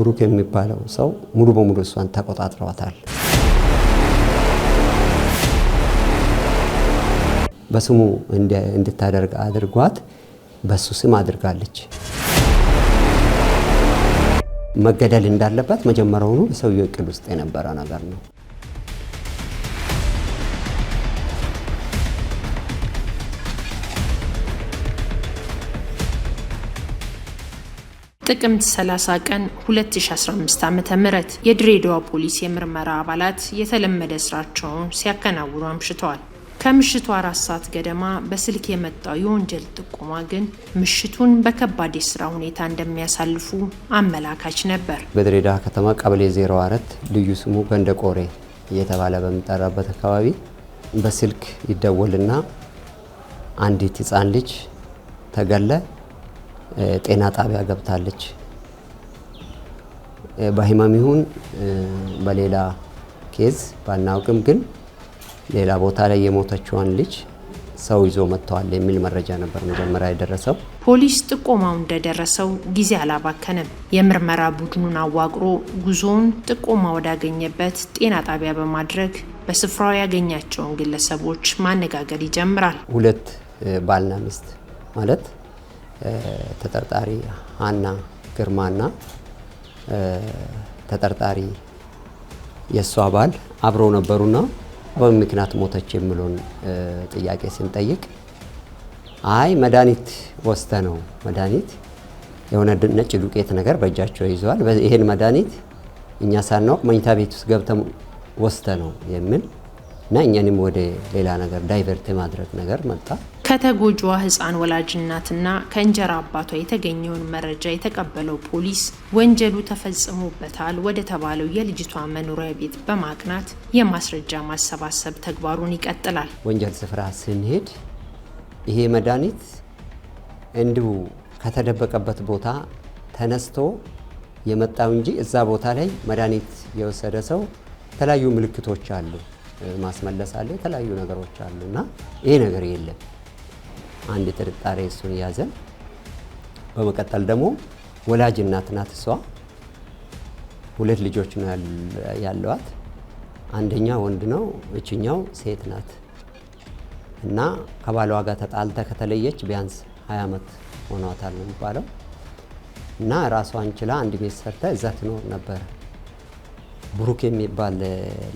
ብሩክ የሚባለው ሰው ሙሉ በሙሉ እሷን ተቆጣጥረዋታል። በስሙ እንድታደርግ አድርጓት በሱ ስም አድርጋለች። መገደል እንዳለበት መጀመሪያውኑ በሰውየው እቅድ ውስጥ የነበረ ነገር ነው። ጥቅምት 30 ቀን 2015 ዓ.ም የድሬዳዋ ፖሊስ የምርመራ አባላት የተለመደ ስራቸውን ሲያከናውኑ አምሽተዋል። ከምሽቱ አራት ሰዓት ገደማ በስልክ የመጣው የወንጀል ጥቆማ ግን ምሽቱን በከባድ የስራ ሁኔታ እንደሚያሳልፉ አመላካች ነበር። በድሬዳዋ ከተማ ቀበሌ 04 ልዩ ስሙ ገንደ ቆሬ እየተባለ በሚጠራበት አካባቢ በስልክ ይደወልና አንዲት ህፃን ልጅ ተገለ ጤና ጣቢያ ገብታለች። በህመም ይሁን በሌላ ኬዝ ባናውቅም ግን ሌላ ቦታ ላይ የሞተችዋን ልጅ ሰው ይዞ መጥተዋል የሚል መረጃ ነበር መጀመሪያ የደረሰው። ፖሊስ ጥቆማው እንደደረሰው ጊዜ አላባከንም። የምርመራ ቡድኑን አዋቅሮ ጉዞውን ጥቆማ ወዳገኘበት ጤና ጣቢያ በማድረግ በስፍራው ያገኛቸውን ግለሰቦች ማነጋገር ይጀምራል። ሁለት ባልና ሚስት ማለት ተጠርጣሪ ሀና ግርማና ተጠርጣሪ የእሷ ባል አብረው ነበሩና በምን ምክንያት ሞተች የሚለውን ጥያቄ ስንጠይቅ አይ መድኃኒት ወስተ ነው መድኃኒት የሆነ ነጭ ዱቄት ነገር በእጃቸው ይዘዋል። ይህን መድኃኒት እኛ ሳናውቅ መኝታ ቤት ውስጥ ገብተ ወስተ ነው የሚል እና እኛንም ወደ ሌላ ነገር ዳይቨርት ማድረግ ነገር መጣ። ከተጎጂዋ ህፃን ወላጅ እናትና ከእንጀራ አባቷ የተገኘውን መረጃ የተቀበለው ፖሊስ ወንጀሉ ተፈጽሞበታል ወደ ተባለው የልጅቷ መኖሪያ ቤት በማቅናት የማስረጃ ማሰባሰብ ተግባሩን ይቀጥላል። ወንጀል ስፍራ ስንሄድ ይሄ መድኃኒት እንዲሁ ከተደበቀበት ቦታ ተነስቶ የመጣው እንጂ እዛ ቦታ ላይ መድኃኒት የወሰደ ሰው የተለያዩ ምልክቶች አሉ። ማስመለስ አለ፣ የተለያዩ ነገሮች አሉ እና ይሄ ነገር የለም። አንድ ጥርጣሬ እሱን ያዘን። በመቀጠል ደግሞ ወላጅ እናት ናት እሷ። ሁለት ልጆች ነው ያለዋት። አንደኛ ወንድ ነው፣ እችኛው ሴት ናት እና ከባሏ ጋር ተጣልተ ከተለየች ቢያንስ 20 ዓመት ሆኗታል የሚባለው እና ራሷን ችላ አንድ ቤት ሰርተ እዛ ትኖር ነበር ብሩክ የሚባል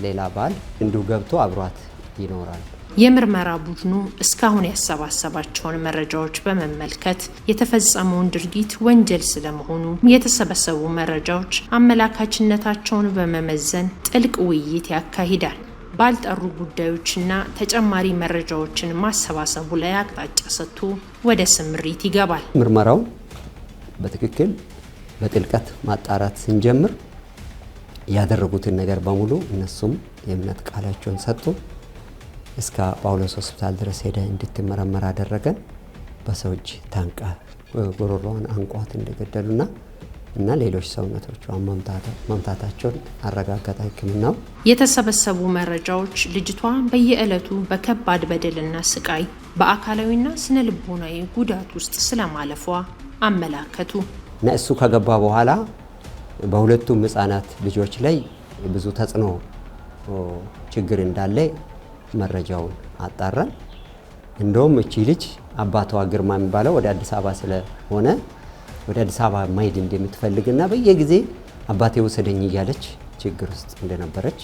ሌላ ባል እንዲሁ ገብቶ አብሯት ይኖራል። የምርመራ ቡድኑ እስካሁን ያሰባሰባቸውን መረጃዎች በመመልከት የተፈጸመውን ድርጊት ወንጀል ስለመሆኑ የተሰበሰቡ መረጃዎች አመላካችነታቸውን በመመዘን ጥልቅ ውይይት ያካሂዳል። ባልጠሩ ጉዳዮችና ተጨማሪ መረጃዎችን ማሰባሰቡ ላይ አቅጣጫ ሰጥቶ ወደ ስምሪት ይገባል። ምርመራውን በትክክል በጥልቀት ማጣራት ስንጀምር ያደረጉትን ነገር በሙሉ እነሱም የእምነት ቃላቸውን ሰጡ። እስከ ጳውሎስ ሆስፒታል ድረስ ሄደ እንድትመረመር አደረገን። በሰው እጅ ታንቃ ጉሮሮዋን አንቋት እንደገደሉና እና ሌሎች ሰውነቶቿ መምታታቸውን አረጋገጠ ሕክምናው። የተሰበሰቡ መረጃዎች ልጅቷ በየዕለቱ በከባድ በደልና ስቃይ በአካላዊና ስነ ልቦናዊ ጉዳት ውስጥ ስለማለፏ አመላከቱ እና እሱ ከገባ በኋላ በሁለቱም ህጻናት ልጆች ላይ ብዙ ተጽዕኖ ችግር እንዳለ መረጃውን አጣራን። እንደውም እቺ ልጅ አባቷ ግርማ የሚባለው ወደ አዲስ አበባ ስለሆነ ወደ አዲስ አበባ ማሄድ እንደምትፈልግና በየጊዜ አባቴ ወሰደኝ እያለች ችግር ውስጥ እንደነበረች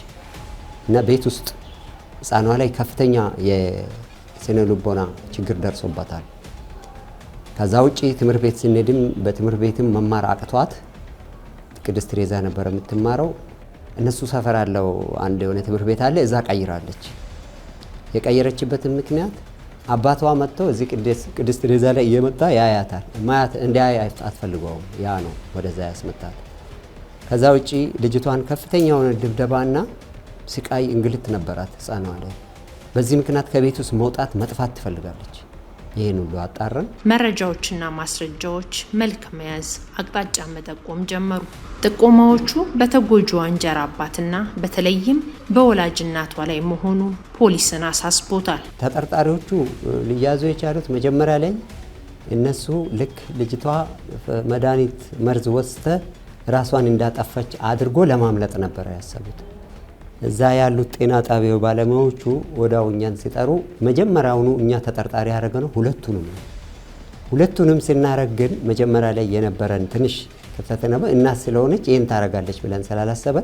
እና ቤት ውስጥ ህፃኗ ላይ ከፍተኛ የስነ ልቦና ችግር ደርሶባታል። ከዛ ውጭ ትምህርት ቤት ስንሄድም በትምህርት ቤትም መማር አቅቷት ቅድስት ሬዛ ነበር የምትማረው። እነሱ ሰፈር አለው አንድ የሆነ ትምህርት ቤት አለ፣ እዛ ቀይራለች። የቀየረችበትን ምክንያት አባቷ መጥቶ እዚህ ቅድስት ቴሬዛ ላይ እየመጣ ያያታል። ማያት እንዲያ አትፈልገውም። ያ ነው ወደዛ ያስመጣት። ከዛ ውጪ ልጅቷን ከፍተኛ የሆነ ድብደባና ስቃይ እንግልት ነበራት ህፃኗ ላይ። በዚህ ምክንያት ከቤት ውስጥ መውጣት መጥፋት ትፈልጋለች። ይህን ሁሉ አጣረን መረጃዎችና ማስረጃዎች መልክ መያዝ፣ አቅጣጫ መጠቆም ጀመሩ። ጥቆማዎቹ በተጎጂዋ እንጀራ አባትና በተለይም በወላጅ እናቷ ላይ መሆኑ ፖሊስን አሳስቦታል። ተጠርጣሪዎቹ ሊያዙ የቻሉት መጀመሪያ ላይ እነሱ ልክ ልጅቷ መድኃኒት መርዝ ወስተ ራሷን እንዳጠፈች አድርጎ ለማምለጥ ነበር ያሰቡት። እዛ ያሉት ጤና ጣቢያው ባለሙያዎቹ ወዳው እኛን ሲጠሩ መጀመሪያውኑ እኛ ተጠርጣሪ ያደረገ ነው ሁለቱንም ነው። ሁለቱንም ስናረግ ግን መጀመሪያ ላይ የነበረን ትንሽ ክፍተት ነበር እና ስለሆነች ይህን ታረጋለች ብለን ስላላሰበ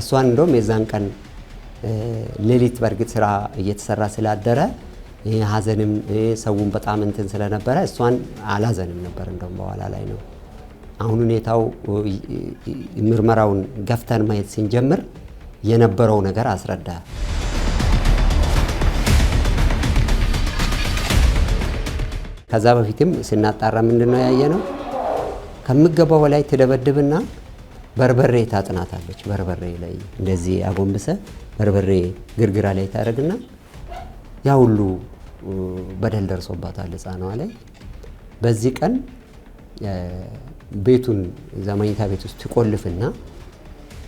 እሷን እንደውም የዛን ቀን ሌሊት በእርግጥ ስራ እየተሰራ ስላደረ ሀዘንም ሰውን በጣም እንትን ስለነበረ እሷን አላዘንም ነበር። እንደውም በኋላ ላይ ነው አሁን ሁኔታው ምርመራውን ገፍተን ማየት ስንጀምር የነበረው ነገር አስረዳ። ከዛ በፊትም ስናጣራ ምንድን ነው ያየነው? ከሚገባው በላይ ትደበድብና በርበሬ ታጥናታለች። በርበሬ ላይ እንደዚህ አጎንብሰ በርበሬ ግርግራ ላይ ታደርግና ያ ሁሉ በደል ደርሶባታል ህፃኗ ላይ። በዚህ ቀን ቤቱን ዘመኝታ ቤት ውስጥ ትቆልፍና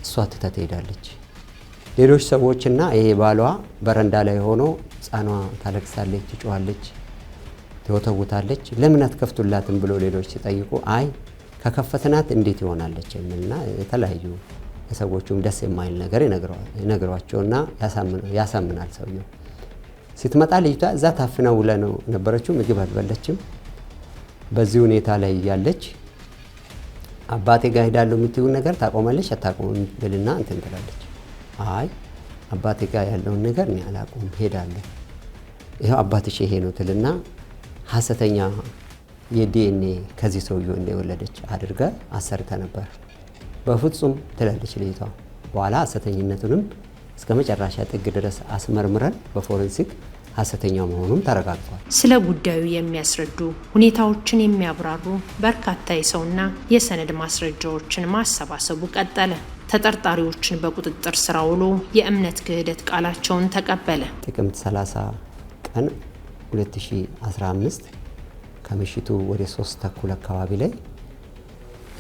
እሷ ትተት ትሄዳለች። ሌሎች ሰዎችና ይሄ ባሏ በረንዳ ላይ ሆኖ ሕፃኗ ታለቅሳለች፣ ትጮኻለች፣ ትወተውታለች ለምን አትከፍቱላትም ብሎ ሌሎች ሲጠይቁ አይ ከከፈትናት እንዴት ይሆናለች የሚልና የተለያዩ ለሰዎቹም ደስ የማይል ነገር ይነግሯቸውና ያሳምናል ሰውየው። ስትመጣ ልጅቷ እዛ ታፍና ውለ ነው ነበረችው፣ ምግብ አልበለችም። በዚህ ሁኔታ ላይ እያለች አባቴ ጋር ሄዳለሁ የምትይውን ነገር ታቆመለች አታቆምም ብልና እንትን ትላለች። አይ አባቴ ጋር ያለውን ነገር እኔ አላቁም ሄዳለሁ፣ ይኸው አባትሽ ይሄ ነው ትልና ሀሰተኛ የዲኤንኤ ከዚህ ሰውዬው እንደወለደች አድርገ አሰርተ ነበር። በፍጹም ትላለች ልጅቷ። በኋላ ሀሰተኝነቱንም እስከ መጨረሻ ጥግ ድረስ አስመርምረን በፎረንሲክ ሀሰተኛ መሆኑም ተረጋግጧል። ስለ ጉዳዩ የሚያስረዱ ሁኔታዎችን የሚያብራሩ በርካታ የሰውና የሰነድ ማስረጃዎችን ማሰባሰቡ ቀጠለ። ተጠርጣሪዎችን በቁጥጥር ስር አውሎ የእምነት ክህደት ቃላቸውን ተቀበለ። ጥቅምት 30 ቀን 2015 ከምሽቱ ወደ ሶስት ተኩል አካባቢ ላይ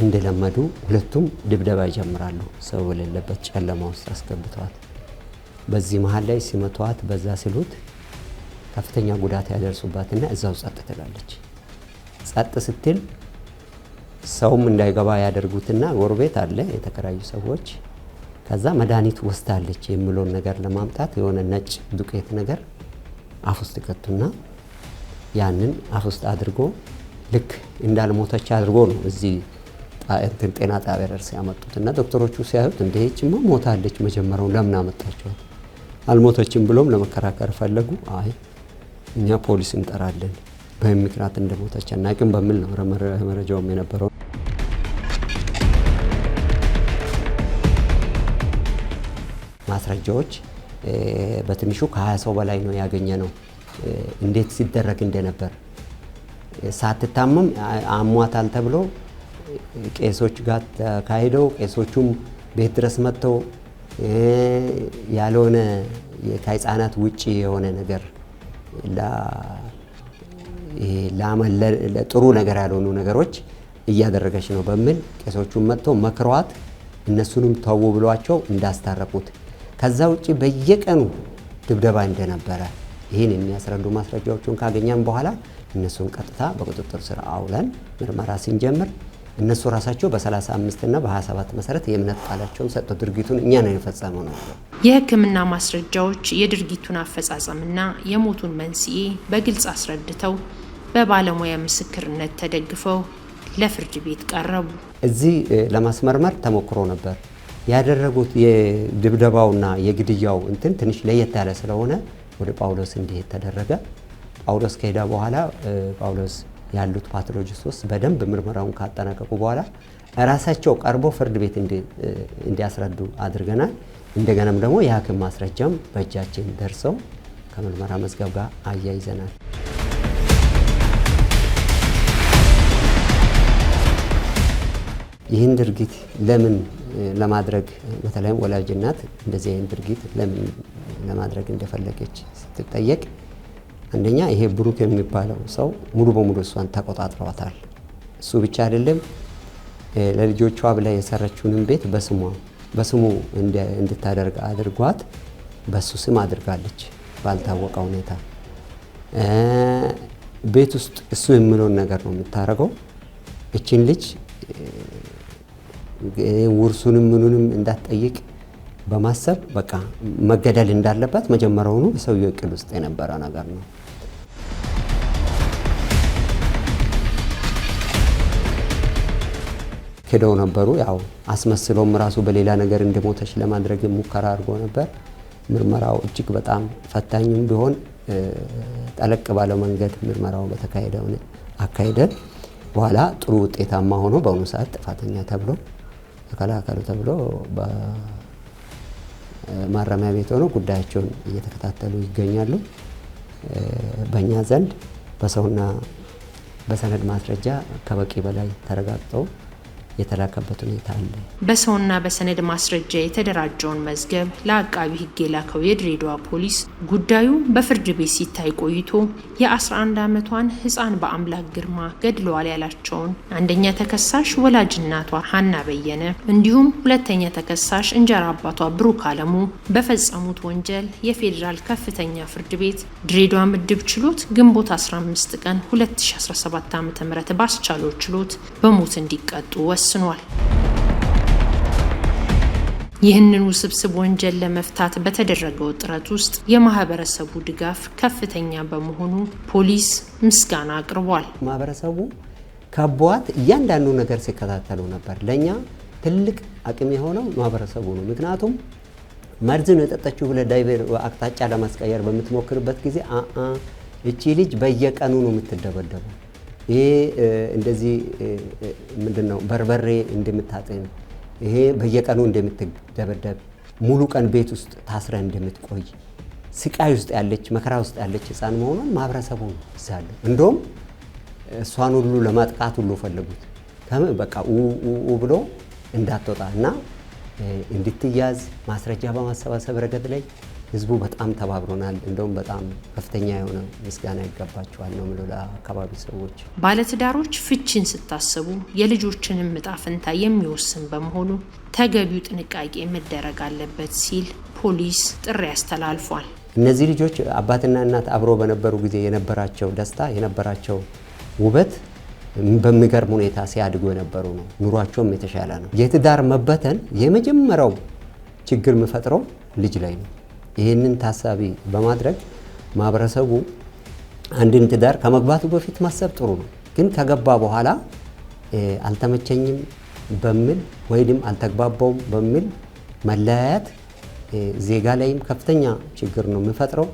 እንደለመዱ ሁለቱም ድብደባ ይጀምራሉ። ሰው በሌለበት ጨለማ ውስጥ አስገብተዋት በዚህ መሀል ላይ ሲመቷት በዛ ሲሉት ከፍተኛ ጉዳት ያደርሱባትና እዛው ጸጥ ትላለች። ጸጥ ስትል ሰውም እንዳይገባ ያደርጉትና ጎረቤት አለ የተከራዩ ሰዎች ከዛ መድኃኒት ወስዳለች የሚለውን ነገር ለማምጣት የሆነ ነጭ ዱቄት ነገር አፍ ውስጥ ይከቱና ያንን አፍ ውስጥ አድርጎ ልክ እንዳልሞተች አድርጎ ነው እዚህ እንትን ጤና ጣቢያ ደርስ ያመጡት እና ዶክተሮቹ ሲያዩት እንደ ይህችማ ሞታለች፣ መጀመሪያው ለምን አመጣችኋት? አልሞተችም ብሎም ለመከራከር ፈለጉ። አይ እኛ ፖሊስ እንጠራለን በህመም ምክንያት እንደሞተች አናውቅም በሚል ነው መረጃውም የነበረው። ማስረጃዎች በትንሹ ከ20 ሰው በላይ ነው ያገኘ ነው። እንዴት ሲደረግ እንደነበር ሳትታመም አሟታል ተብሎ ቄሶች ጋር ተካሂደው ቄሶቹም ቤት ድረስ መጥተው ያልሆነ ከህፃናት ውጭ የሆነ ነገር ጥሩ ነገር ያልሆኑ ነገሮች እያደረገች ነው በሚል ቄሶቹን መጥተው መክረዋት እነሱንም ተው ብሏቸው እንዳስታረቁት ከዛ ውጭ በየቀኑ ድብደባ እንደነበረ ይህን የሚያስረዱ ማስረጃዎቹን ካገኘን በኋላ እነሱን ቀጥታ በቁጥጥር ስር አውለን ምርመራ ስንጀምር እነሱ ራሳቸው በ35 ና በ27 መሰረት የእምነት ቃላቸውን ሰጥተው ድርጊቱን እኛ ነው የፈጸመው ነው። የሕክምና ማስረጃዎች የድርጊቱን አፈጻጸምና የሞቱን መንስኤ በግልጽ አስረድተው በባለሙያ ምስክርነት ተደግፈው ለፍርድ ቤት ቀረቡ። እዚህ ለማስመርመር ተሞክሮ ነበር ያደረጉት። የድብደባውና የግድያው እንትን ትንሽ ለየት ያለ ስለሆነ ወደ ጳውሎስ እንዲሄድ ተደረገ። ጳውሎስ ከሄደ በኋላ ጳውሎስ ያሉት ፓቶሎጂስቶች በደንብ ምርመራውን ካጠናቀቁ በኋላ ራሳቸው ቀርቦ ፍርድ ቤት እንዲያስረዱ አድርገናል። እንደገናም ደግሞ የሐኪም ማስረጃም በእጃችን ደርሰው ከምርመራ መዝገብ ጋር አያይዘናል። ይህን ድርጊት ለምን ለማድረግ በተለይም ወላጅ እናት እንደዚህ አይነት ድርጊት ለምን ለማድረግ እንደፈለገች ስትጠየቅ አንደኛ ይሄ ብሩክ የሚባለው ሰው ሙሉ በሙሉ እሷን ተቆጣጥሯታል። እሱ ብቻ አይደለም ለልጆቿ ብላ የሰረችውንም ቤት በስሟ በስሙ እንድታደርግ አድርጓት በሱ ስም አድርጋለች ባልታወቀ ሁኔታ። ቤት ውስጥ እሱ የሚለውን ነገር ነው የምታደርገው። እችን ልጅ ውርሱንም ምኑንም እንዳትጠይቅ በማሰብ በቃ መገደል እንዳለበት መጀመሪያውኑ በሰውየው እቅድ ውስጥ የነበረ ነገር ነው። ክደው ነበሩ። ያው አስመስሎም ራሱ በሌላ ነገር እንደሞተች ለማድረግ ሙከራ አድርጎ ነበር። ምርመራው እጅግ በጣም ፈታኝም ቢሆን ጠለቅ ባለው መንገድ ምርመራው በተካሄደ አካሄደን በኋላ ጥሩ ውጤታማ ሆኖ በአሁኑ ሰዓት ጥፋተኛ ተብሎ ተከላከሉ ተብሎ ማረሚያ ቤት ሆነው ጉዳያቸውን እየተከታተሉ ይገኛሉ። በእኛ ዘንድ በሰውና በሰነድ ማስረጃ ከበቂ በላይ ተረጋግጠው የተላከበት ሁኔታ አለ። በሰውና በሰነድ ማስረጃ የተደራጀውን መዝገብ ለአቃቢ ሕግ የላከው የድሬዳዋ ፖሊስ ጉዳዩ በፍርድ ቤት ሲታይ ቆይቶ የ11 ዓመቷን ሕፃን በአምላክ ግርማ ገድለዋል ያላቸውን አንደኛ ተከሳሽ ወላጅ እናቷ ሀና በየነ እንዲሁም ሁለተኛ ተከሳሽ እንጀራ አባቷ ብሩክ አለሙ በፈጸሙት ወንጀል የፌዴራል ከፍተኛ ፍርድ ቤት ድሬዳዋ ምድብ ችሎት ግንቦት 15 ቀን 2017 ዓ ም ባስቻለው ችሎት በሞት እንዲቀጡ ወስ ወስኗል። ይህንን ውስብስብ ወንጀል ለመፍታት በተደረገው ጥረት ውስጥ የማህበረሰቡ ድጋፍ ከፍተኛ በመሆኑ ፖሊስ ምስጋና አቅርቧል። ማህበረሰቡ ከቧት እያንዳንዱ ነገር ሲከታተሉ ነበር። ለእኛ ትልቅ አቅም የሆነው ማህበረሰቡ ነው። ምክንያቱም መርዝ ነው የጠጠችው ብለ ዳይቨር አቅጣጫ ለማስቀየር በምትሞክርበት ጊዜ እቺ ልጅ በየቀኑ ነው የምትደበደበው ይሄ እንደዚህ ምንድን ነው በርበሬ እንደምታጥን፣ ይሄ በየቀኑ እንደምትደበደብ፣ ሙሉ ቀን ቤት ውስጥ ታስረ እንደምትቆይ፣ ስቃይ ውስጥ ያለች መከራ ውስጥ ያለች ህፃን መሆኗን ማህበረሰቡ ይዛሉ። እንደውም እሷን ሁሉ ለማጥቃት ሁሉ ፈለጉት። በቃ ብሎ እንዳትወጣ እና እንድትያዝ ማስረጃ በማሰባሰብ ረገድ ላይ ህዝቡ በጣም ተባብሮናል። እንደውም በጣም ከፍተኛ የሆነ ምስጋና ይገባቸዋል ነው ምሎ ለአካባቢ ሰዎች። ባለትዳሮች ፍቺን ስታስቡ የልጆችንም እጣ ፈንታ የሚወስን በመሆኑ ተገቢው ጥንቃቄ መደረግ አለበት ሲል ፖሊስ ጥሪ አስተላልፏል። እነዚህ ልጆች አባትና እናት አብሮ በነበሩ ጊዜ የነበራቸው ደስታ የነበራቸው ውበት በሚገርም ሁኔታ ሲያድጉ የነበሩ ነው። ኑሯቸውም የተሻለ ነው። የትዳር መበተን የመጀመሪያው ችግር የሚፈጥረው ልጅ ላይ ነው። ይህንን ታሳቢ በማድረግ ማህበረሰቡ አንድን ትዳር ከመግባቱ በፊት ማሰብ ጥሩ ነው። ግን ከገባ በኋላ አልተመቸኝም በሚል ወይም አልተግባባውም በሚል መለያየት ዜጋ ላይም ከፍተኛ ችግር ነው የሚፈጥረው።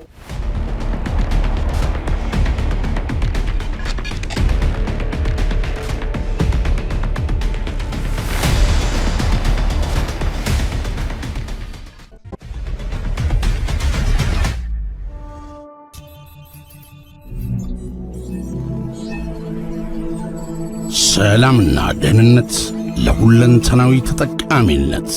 ሰላምና ደህንነት ለሁለንተናዊ ተጠቃሚነት